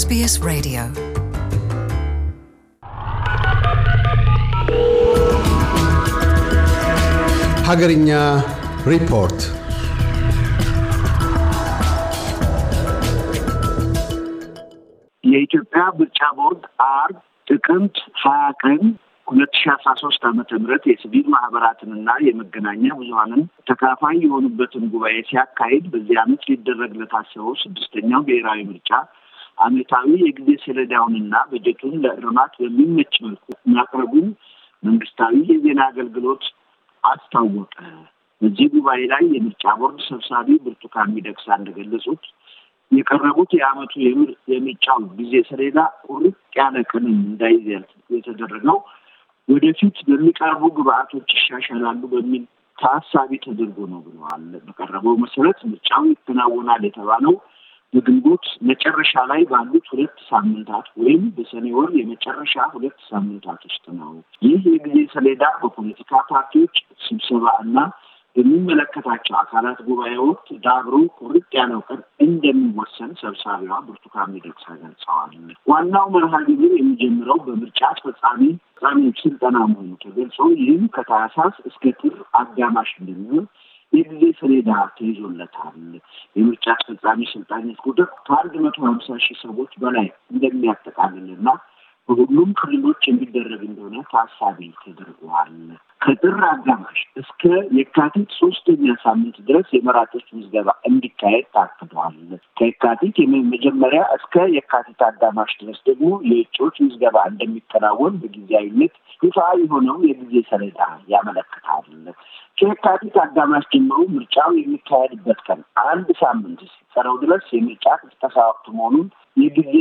SBS Radio. ሀገርኛ ሪፖርት የኢትዮጵያ ምርጫ ቦርድ አርብ ጥቅምት ሀያ ቀን ሁለት ሺ አስራ ሶስት አመተ ምህረት የሲቪል ማህበራትንና የመገናኛ ብዙሀንን ተካፋይ የሆኑበትን ጉባኤ ሲያካሂድ በዚህ አመት ሊደረግ ለታሰበው ስድስተኛው ብሔራዊ ምርጫ አመታዊ የጊዜ ሰሌዳውንና በጀቱን ለእርማት በሚመች መልኩ ማቅረቡን መንግስታዊ የዜና አገልግሎት አስታወቀ። በዚህ ጉባኤ ላይ የምርጫ ቦርድ ሰብሳቢ ብርቱካን ሚደቅሳ እንደገለጹት የቀረቡት የአመቱ የምርጫው ጊዜ ሰሌዳ ቁርጥ ያለ ቀንም እንዳይዝ የተደረገው ወደፊት በሚቀርቡ ግብአቶች ይሻሻላሉ በሚል ታሳቢ ተደርጎ ነው ብለዋል። በቀረበው መሰረት ምርጫው ይከናወናል የተባለው በግንቦት መጨረሻ ላይ ባሉት ሁለት ሳምንታት ወይም በሰኔ ወር የመጨረሻ ሁለት ሳምንታት ውስጥ ነው። ይህ የጊዜ ሰሌዳ በፖለቲካ ፓርቲዎች ስብሰባ እና በሚመለከታቸው አካላት ጉባኤ ወቅት ዳብሮ ቁርጥ ያለው እውቀት እንደሚወሰን ሰብሳቢዋ ብርቱካን ሚደቅሳ ገልጸዋል። ዋናው መርሃ ግብር የሚጀምረው በምርጫ አስፈጻሚ ጻሚዎች ስልጠና መሆኑ ተገልጾ ይህም ከታህሳስ እስከ ጥር አጋማሽ እንደሚሆን የጊዜ ሰሌዳ ተይዞለታል። የምርጫ አስፈጻሚ ስልጣኔት ቁጥር ከአንድ መቶ ሀምሳ ሺህ ሰዎች በላይ እንደሚያጠቃልልና በሁሉም ክልሎች የሚደረግ እንደሆነ ታሳቢ ተደርጓል። ከጥር አጋማሽ እስከ የካቲት ሶስተኛ ሳምንት ድረስ የመራጮች ምዝገባ እንዲካሄድ ታቅዷል። ከየካቲት መጀመሪያ እስከ የካቲት አጋማሽ ድረስ ደግሞ የእጩዎች ምዝገባ እንደሚከናወን በጊዜያዊነት ይፋ የሆነው የጊዜ ሰሌዳ ያመለክታል። ከየካቲት አጋማሽ ጀምሮ ምርጫው የሚካሄድበት ቀን አንድ ሳምንት ሲቀረው ድረስ የምርጫ ቅስቀሳ ወቅት መሆኑን የጊዜ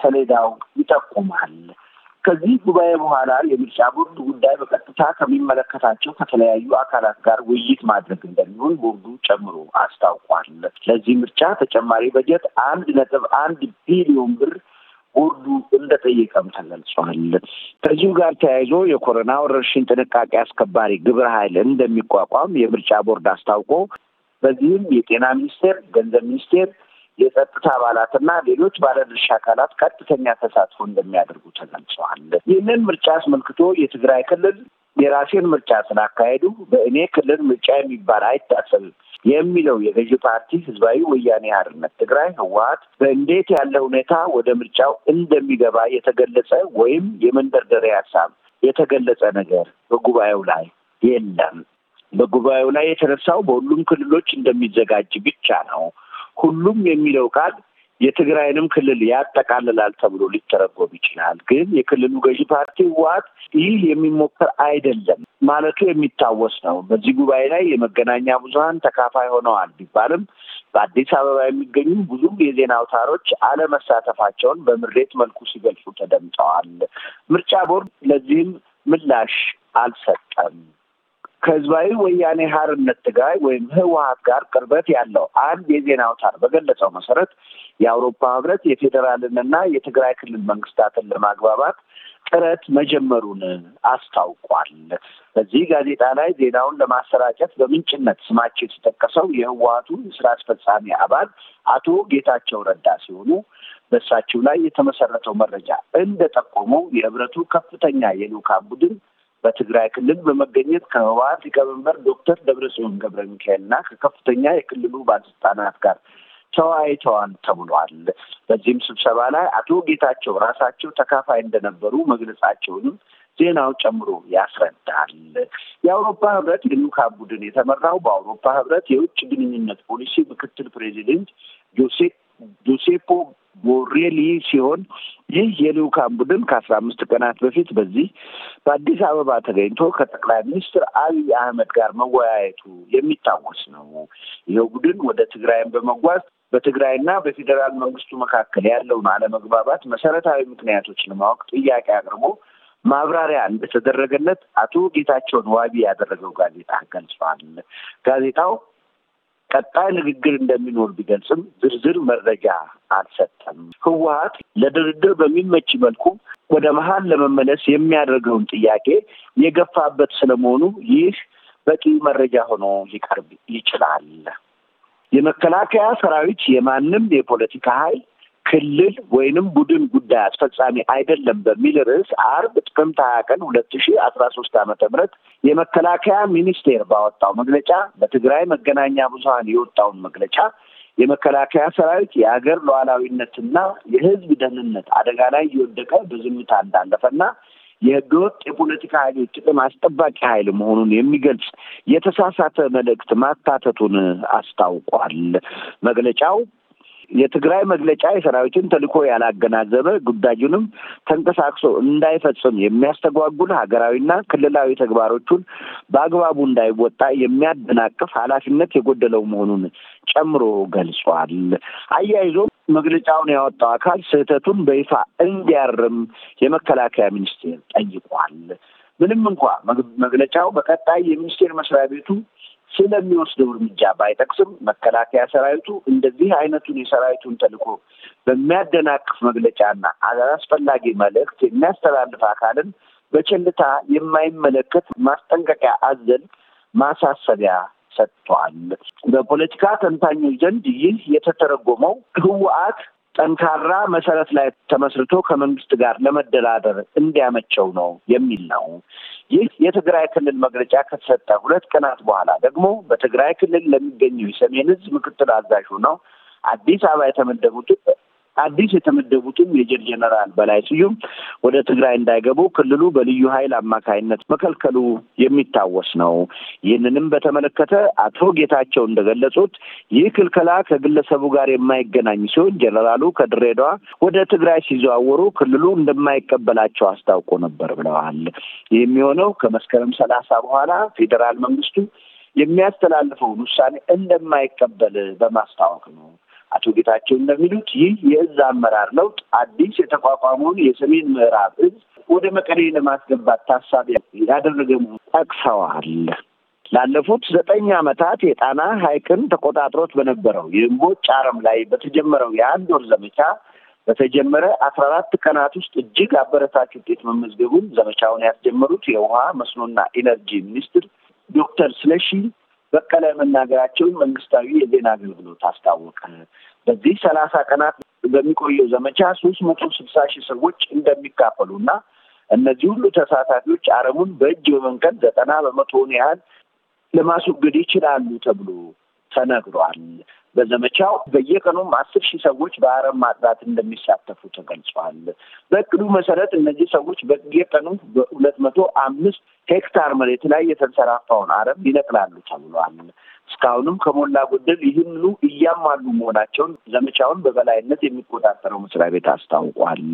ሰሌዳው ይጠቁማል። ከዚህ ጉባኤ በኋላ የምርጫ ቦርድ ጉዳይ በቀጥታ ከሚመለከታቸው ከተለያዩ አካላት ጋር ውይይት ማድረግ እንደሚሆን ቦርዱ ጨምሮ አስታውቋል። ለዚህ ምርጫ ተጨማሪ በጀት አንድ ነጥብ አንድ ቢሊዮን ብር ቦርዱ እንደጠየቀም ተገልጿል። ከዚሁ ጋር ተያይዞ የኮሮና ወረርሽኝ ጥንቃቄ አስከባሪ ግብረ ኃይል እንደሚቋቋም የምርጫ ቦርድ አስታውቆ በዚህም የጤና ሚኒስቴር፣ ገንዘብ ሚኒስቴር፣ የጸጥታ አባላትና ሌሎች ባለድርሻ አካላት ቀጥተኛ ተሳትፎ እንደሚያደርጉ ተገልጸዋል። ይህንን ምርጫ አስመልክቶ የትግራይ ክልል የራሴን ምርጫ ስላካሄዱ በእኔ ክልል ምርጫ የሚባል አይታሰብም የሚለው የገዢ ፓርቲ ህዝባዊ ወያኔ አርነት ትግራይ ህወሀት በእንዴት ያለ ሁኔታ ወደ ምርጫው እንደሚገባ የተገለጸ ወይም የመንደርደሪያ ሀሳብ የተገለጸ ነገር በጉባኤው ላይ የለም። በጉባኤው ላይ የተነሳው በሁሉም ክልሎች እንደሚዘጋጅ ብቻ ነው። ሁሉም የሚለው ቃል የትግራይንም ክልል ያጠቃልላል ተብሎ ሊተረጎም ይችላል። ግን የክልሉ ገዢ ፓርቲ ህወሓት ይህ የሚሞከር አይደለም ማለቱ የሚታወስ ነው። በዚህ ጉባኤ ላይ የመገናኛ ብዙሀን ተካፋይ ሆነዋል ቢባልም በአዲስ አበባ የሚገኙ ብዙ የዜና አውታሮች አለመሳተፋቸውን በምሬት መልኩ ሲገልጹ ተደምጠዋል። ምርጫ ቦርድ ለዚህም ምላሽ አልሰጠም። ከህዝባዊ ወያኔ ሀርነት ትግራይ ወይም ህወሀት ጋር ቅርበት ያለው አንድ የዜና አውታር በገለጸው መሰረት የአውሮፓ ህብረት የፌዴራልንና የትግራይ ክልል መንግስታትን ለማግባባት ጥረት መጀመሩን አስታውቋል። በዚህ ጋዜጣ ላይ ዜናውን ለማሰራጨት በምንጭነት ስማቸው የተጠቀሰው የህወሀቱ ስራ አስፈጻሚ አባል አቶ ጌታቸው ረዳ ሲሆኑ በእሳቸው ላይ የተመሰረተው መረጃ እንደጠቆመው የህብረቱ ከፍተኛ የልዑካን ቡድን በትግራይ ክልል በመገኘት ከህወሀት ሊቀመንበር ዶክተር ደብረጽዮን ገብረ ሚካኤልና ከከፍተኛ የክልሉ ባለስልጣናት ጋር ተወያይተዋል ተብሏል። በዚህም ስብሰባ ላይ አቶ ጌታቸው ራሳቸው ተካፋይ እንደነበሩ መግለጻቸውንም ዜናው ጨምሮ ያስረዳል። የአውሮፓ ህብረት የልዑካን ቡድን የተመራው በአውሮፓ ህብረት የውጭ ግንኙነት ፖሊሲ ምክትል ፕሬዚደንት ጆሴፕ ጆሴፖ ቦሬሊ ሲሆን ይህ የልዑካን ቡድን ከአስራ አምስት ቀናት በፊት በዚህ በአዲስ አበባ ተገኝቶ ከጠቅላይ ሚኒስትር አብይ አህመድ ጋር መወያየቱ የሚታወስ ነው። ይኸው ቡድን ወደ ትግራይን በመጓዝ በትግራይና በፌዴራል መንግስቱ መካከል ያለውን አለመግባባት መሰረታዊ ምክንያቶች ለማወቅ ጥያቄ አቅርቦ ማብራሪያ እንደተደረገለት አቶ ጌታቸውን ዋቢ ያደረገው ጋዜጣ ገልጿል። ጋዜጣው ቀጣይ ንግግር እንደሚኖር ቢገልጽም ዝርዝር መረጃ አልሰጠም። ህወሀት ለድርድር በሚመች መልኩ ወደ መሀል ለመመለስ የሚያደርገውን ጥያቄ የገፋበት ስለመሆኑ ይህ በቂ መረጃ ሆኖ ሊቀርብ ይችላል። የመከላከያ ሰራዊት የማንም የፖለቲካ ኃይል ክልል ወይንም ቡድን ጉዳይ አስፈጻሚ አይደለም በሚል ርዕስ አርብ ጥቅምት ሀያ ቀን ሁለት ሺ አስራ ሶስት ዓመተ ምህረት የመከላከያ ሚኒስቴር ባወጣው መግለጫ በትግራይ መገናኛ ብዙሀን የወጣውን መግለጫ የመከላከያ ሰራዊት የሀገር ሉዓላዊነትና የህዝብ ደህንነት አደጋ ላይ እየወደቀ በዝምታ እንዳለፈና የህገወጥ የፖለቲካ ኃይሎች ጥቅም አስጠባቂ ኃይል መሆኑን የሚገልጽ የተሳሳተ መልእክት ማካተቱን አስታውቋል። መግለጫው የትግራይ መግለጫ የሰራዊትን ተልዕኮ ያላገናዘበ ጉዳዩንም ተንቀሳቅሶ እንዳይፈጽም የሚያስተጓጉል ሀገራዊና ክልላዊ ተግባሮቹን በአግባቡ እንዳይወጣ የሚያደናቅፍ ኃላፊነት የጎደለው መሆኑን ጨምሮ ገልጿል። አያይዞ መግለጫውን ያወጣው አካል ስህተቱን በይፋ እንዲያርም የመከላከያ ሚኒስቴር ጠይቋል። ምንም እንኳ መግለጫው በቀጣይ የሚኒስቴር መስሪያ ቤቱ ስለሚወስደው እርምጃ ባይጠቅስም መከላከያ ሰራዊቱ እንደዚህ አይነቱን የሰራዊቱን ተልኮ በሚያደናቅፍ መግለጫና አላስፈላጊ መልእክት የሚያስተላልፍ አካልን በቸልታ የማይመለከት ማስጠንቀቂያ አዘል ማሳሰቢያ ሰጥቷል። በፖለቲካ ተንታኞች ዘንድ ይህ የተተረጎመው ህወሓት ጠንካራ መሰረት ላይ ተመስርቶ ከመንግስት ጋር ለመደራደር እንዲያመቸው ነው የሚል ነው። ይህ የትግራይ ክልል መግለጫ ከተሰጠ ሁለት ቀናት በኋላ ደግሞ በትግራይ ክልል ለሚገኘው የሰሜን ዕዝ ምክትል አዛዡ ነው አዲስ አበባ የተመደቡት አዲስ የተመደቡትም ሜጀር ጀነራል በላይ ስዩም ወደ ትግራይ እንዳይገቡ ክልሉ በልዩ ኃይል አማካይነት መከልከሉ የሚታወስ ነው። ይህንንም በተመለከተ አቶ ጌታቸው እንደገለጹት ይህ ክልከላ ከግለሰቡ ጋር የማይገናኝ ሲሆን ጀነራሉ ከድሬዳዋ ወደ ትግራይ ሲዘዋወሩ ክልሉ እንደማይቀበላቸው አስታውቆ ነበር ብለዋል። ይህ የሚሆነው ከመስከረም ሰላሳ በኋላ ፌዴራል መንግስቱ የሚያስተላልፈውን ውሳኔ እንደማይቀበል በማስታወቅ ነው። አቶ ጌታቸው እንደሚሉት ይህ የእዝ አመራር ለውጥ አዲስ የተቋቋመውን የሰሜን ምዕራብ እዝ ወደ መቀሌ ለማስገባት ታሳቢ ያደረገ መሆኑን ጠቅሰዋል። ላለፉት ዘጠኝ ዓመታት የጣና ሐይቅን ተቆጣጥሮት በነበረው የእምቦጭ አረም ላይ በተጀመረው የአንድ ወር ዘመቻ በተጀመረ አስራ አራት ቀናት ውስጥ እጅግ አበረታች ውጤት መመዝገቡን ዘመቻውን ያስጀመሩት የውሃ መስኖና ኢነርጂ ሚኒስትር ዶክተር ስለሺ በቀለ መናገራቸውን መንግስታዊ የዜና አገልግሎት አስታወቀ። በዚህ ሰላሳ ቀናት በሚቆየው ዘመቻ ሶስት መቶ ስልሳ ሺህ ሰዎች እንደሚካፈሉ እና እነዚህ ሁሉ ተሳታፊዎች አረሙን በእጅ በመንቀል ዘጠና በመቶውን ያህል ለማስወገድ ይችላሉ ተብሎ ተነግሯል። በዘመቻው በየቀኑም አስር ሺህ ሰዎች በአረም ማጥራት እንደሚሳተፉ ተገልጿል። በእቅዱ መሰረት እነዚህ ሰዎች በየቀኑ በሁለት መቶ አምስት ሄክታር መሬት ላይ የተንሰራፋውን አረም ይነቅላሉ ተብሏል። እስካሁንም ከሞላ ጎደል ይህንኑ እያሟሉ መሆናቸውን ዘመቻውን በበላይነት የሚቆጣጠረው መስሪያ ቤት አስታውቋል።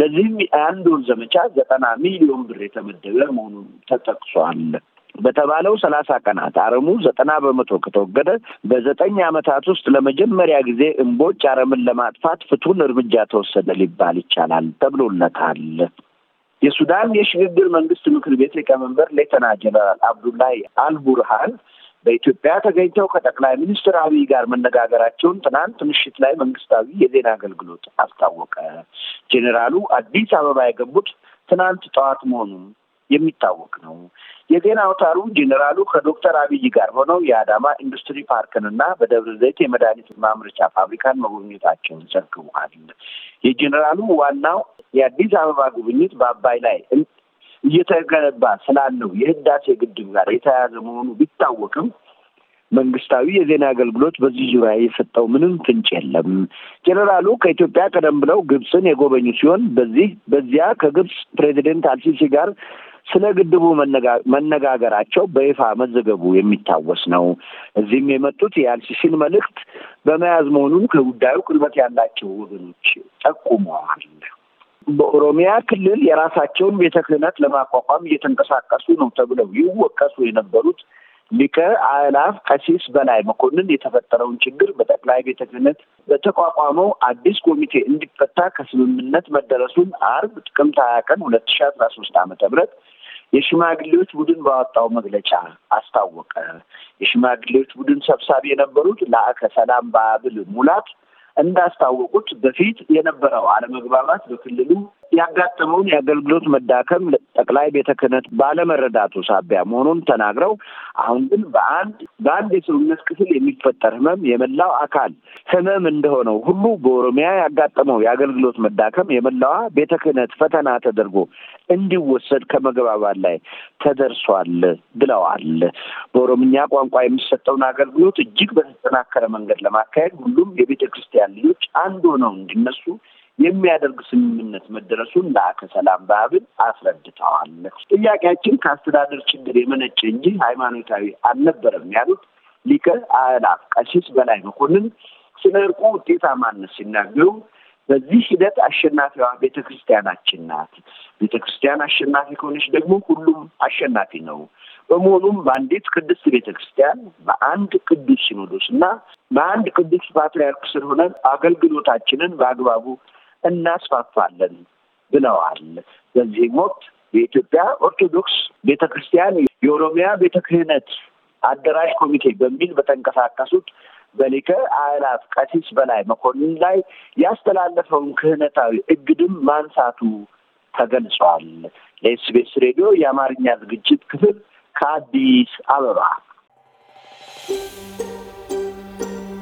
ለዚህም የአንድ ዘመቻ ዘጠና ሚሊዮን ብር የተመደበ መሆኑን ተጠቅሷል። በተባለው ሰላሳ ቀናት አረሙ ዘጠና በመቶ ከተወገደ በዘጠኝ ዓመታት ውስጥ ለመጀመሪያ ጊዜ እምቦጭ አረምን ለማጥፋት ፍቱን እርምጃ ተወሰደ ሊባል ይቻላል ተብሎለታል። የሱዳን የሽግግር መንግስት ምክር ቤት ሊቀመንበር ሌተና ጀነራል አብዱላሂ አልቡርሃን በኢትዮጵያ ተገኝተው ከጠቅላይ ሚኒስትር አብይ ጋር መነጋገራቸውን ትናንት ምሽት ላይ መንግስታዊ የዜና አገልግሎት አስታወቀ። ጄኔራሉ አዲስ አበባ የገቡት ትናንት ጠዋት መሆኑን የሚታወቅ ነው። የዜና አውታሩ ጄኔራሉ ከዶክተር አብይ ጋር ሆነው የአዳማ ኢንዱስትሪ ፓርክን ና በደብረ ዘይት የመድኃኒት ማምረቻ ፋብሪካን መጎብኘታቸውን ዘግቧል። የጄኔራሉ ዋናው የአዲስ አበባ ጉብኝት በአባይ ላይ እየተገነባ ስላለው የህዳሴ ግድብ ጋር የተያያዘ መሆኑ ቢታወቅም መንግስታዊ የዜና አገልግሎት በዚህ ዙሪያ የሰጠው ምንም ፍንጭ የለም። ጄኔራሉ ከኢትዮጵያ ቀደም ብለው ግብፅን የጎበኙ ሲሆን በዚህ በዚያ ከግብፅ ፕሬዚደንት አልሲሲ ጋር ስለ ግድቡ መነጋገራቸው በይፋ መዘገቡ የሚታወስ ነው። እዚህም የመጡት የአልሲሲን መልእክት በመያዝ መሆኑን ከጉዳዩ ቅርበት ያላቸው ወገኖች ጠቁመዋል። በኦሮሚያ ክልል የራሳቸውን ቤተ ክህነት ለማቋቋም እየተንቀሳቀሱ ነው ተብለው ይወቀሱ የነበሩት ሊቀ አእላፍ ቀሲስ በላይ መኮንን የተፈጠረውን ችግር በጠቅላይ ቤተ ክህነት በተቋቋመው አዲስ ኮሚቴ እንዲፈታ ከስምምነት መደረሱን አርብ ጥቅምት ሀያ ቀን ሁለት ሺ አስራ ሶስት አመተ ምህረት የሽማግሌዎች ቡድን ባወጣው መግለጫ አስታወቀ። የሽማግሌዎች ቡድን ሰብሳቢ የነበሩት ለአከ ሰላም በአብል ሙላት እንዳስታወቁት በፊት የነበረው አለመግባባት በክልሉ ያጋጠመውን የአገልግሎት መዳከም ጠቅላይ ቤተ ክህነት ባለመረዳቱ ሳቢያ መሆኑን ተናግረው አሁን ግን በአንድ በአንድ የሰውነት ክፍል የሚፈጠር ህመም የመላው አካል ህመም እንደሆነው ሁሉ በኦሮሚያ ያጋጠመው የአገልግሎት መዳከም የመላዋ ቤተ ክህነት ፈተና ተደርጎ እንዲወሰድ ከመግባባት ላይ ተደርሷል ብለዋል። በኦሮምኛ ቋንቋ የሚሰጠውን አገልግሎት እጅግ በተጠናከረ መንገድ ለማካሄድ ሁሉም የቤተ ክርስቲያን ልጆች አንድ ሆነው እንዲነሱ የሚያደርግ ስምምነት መደረሱን ለአከ ሰላም በሀብል አስረድተዋል። ጥያቄያችን ከአስተዳደር ችግር የመነጨ እንጂ ሃይማኖታዊ አልነበረም ያሉት ሊቀ አእላፍ ቀሲስ በላይ መኮንን ስለ እርቁ ውጤታማነት ሲናገሩ በዚህ ሂደት አሸናፊዋ ቤተ ክርስቲያናችን ናት። ቤተ ክርስቲያን አሸናፊ ከሆነች ደግሞ ሁሉም አሸናፊ ነው። በመሆኑም በአንዲት ቅድስት ቤተ ክርስቲያን በአንድ ቅዱስ ሲኖዶስ እና በአንድ ቅዱስ ፓትርያርክ ስር ሆነን አገልግሎታችንን በአግባቡ እናስፋፋለን ብለዋል። በዚህም ወቅት የኢትዮጵያ ኦርቶዶክስ ቤተ ክርስቲያን የኦሮሚያ ቤተ ክህነት አደራጅ ኮሚቴ በሚል በተንቀሳቀሱት በሊቀ አእላፍ ቀሲስ በላይ መኮንን ላይ ያስተላለፈውን ክህነታዊ እግድም ማንሳቱ ተገልጿል። ለኤስቤስ ሬዲዮ የአማርኛ ዝግጅት ክፍል ከአዲስ አበባ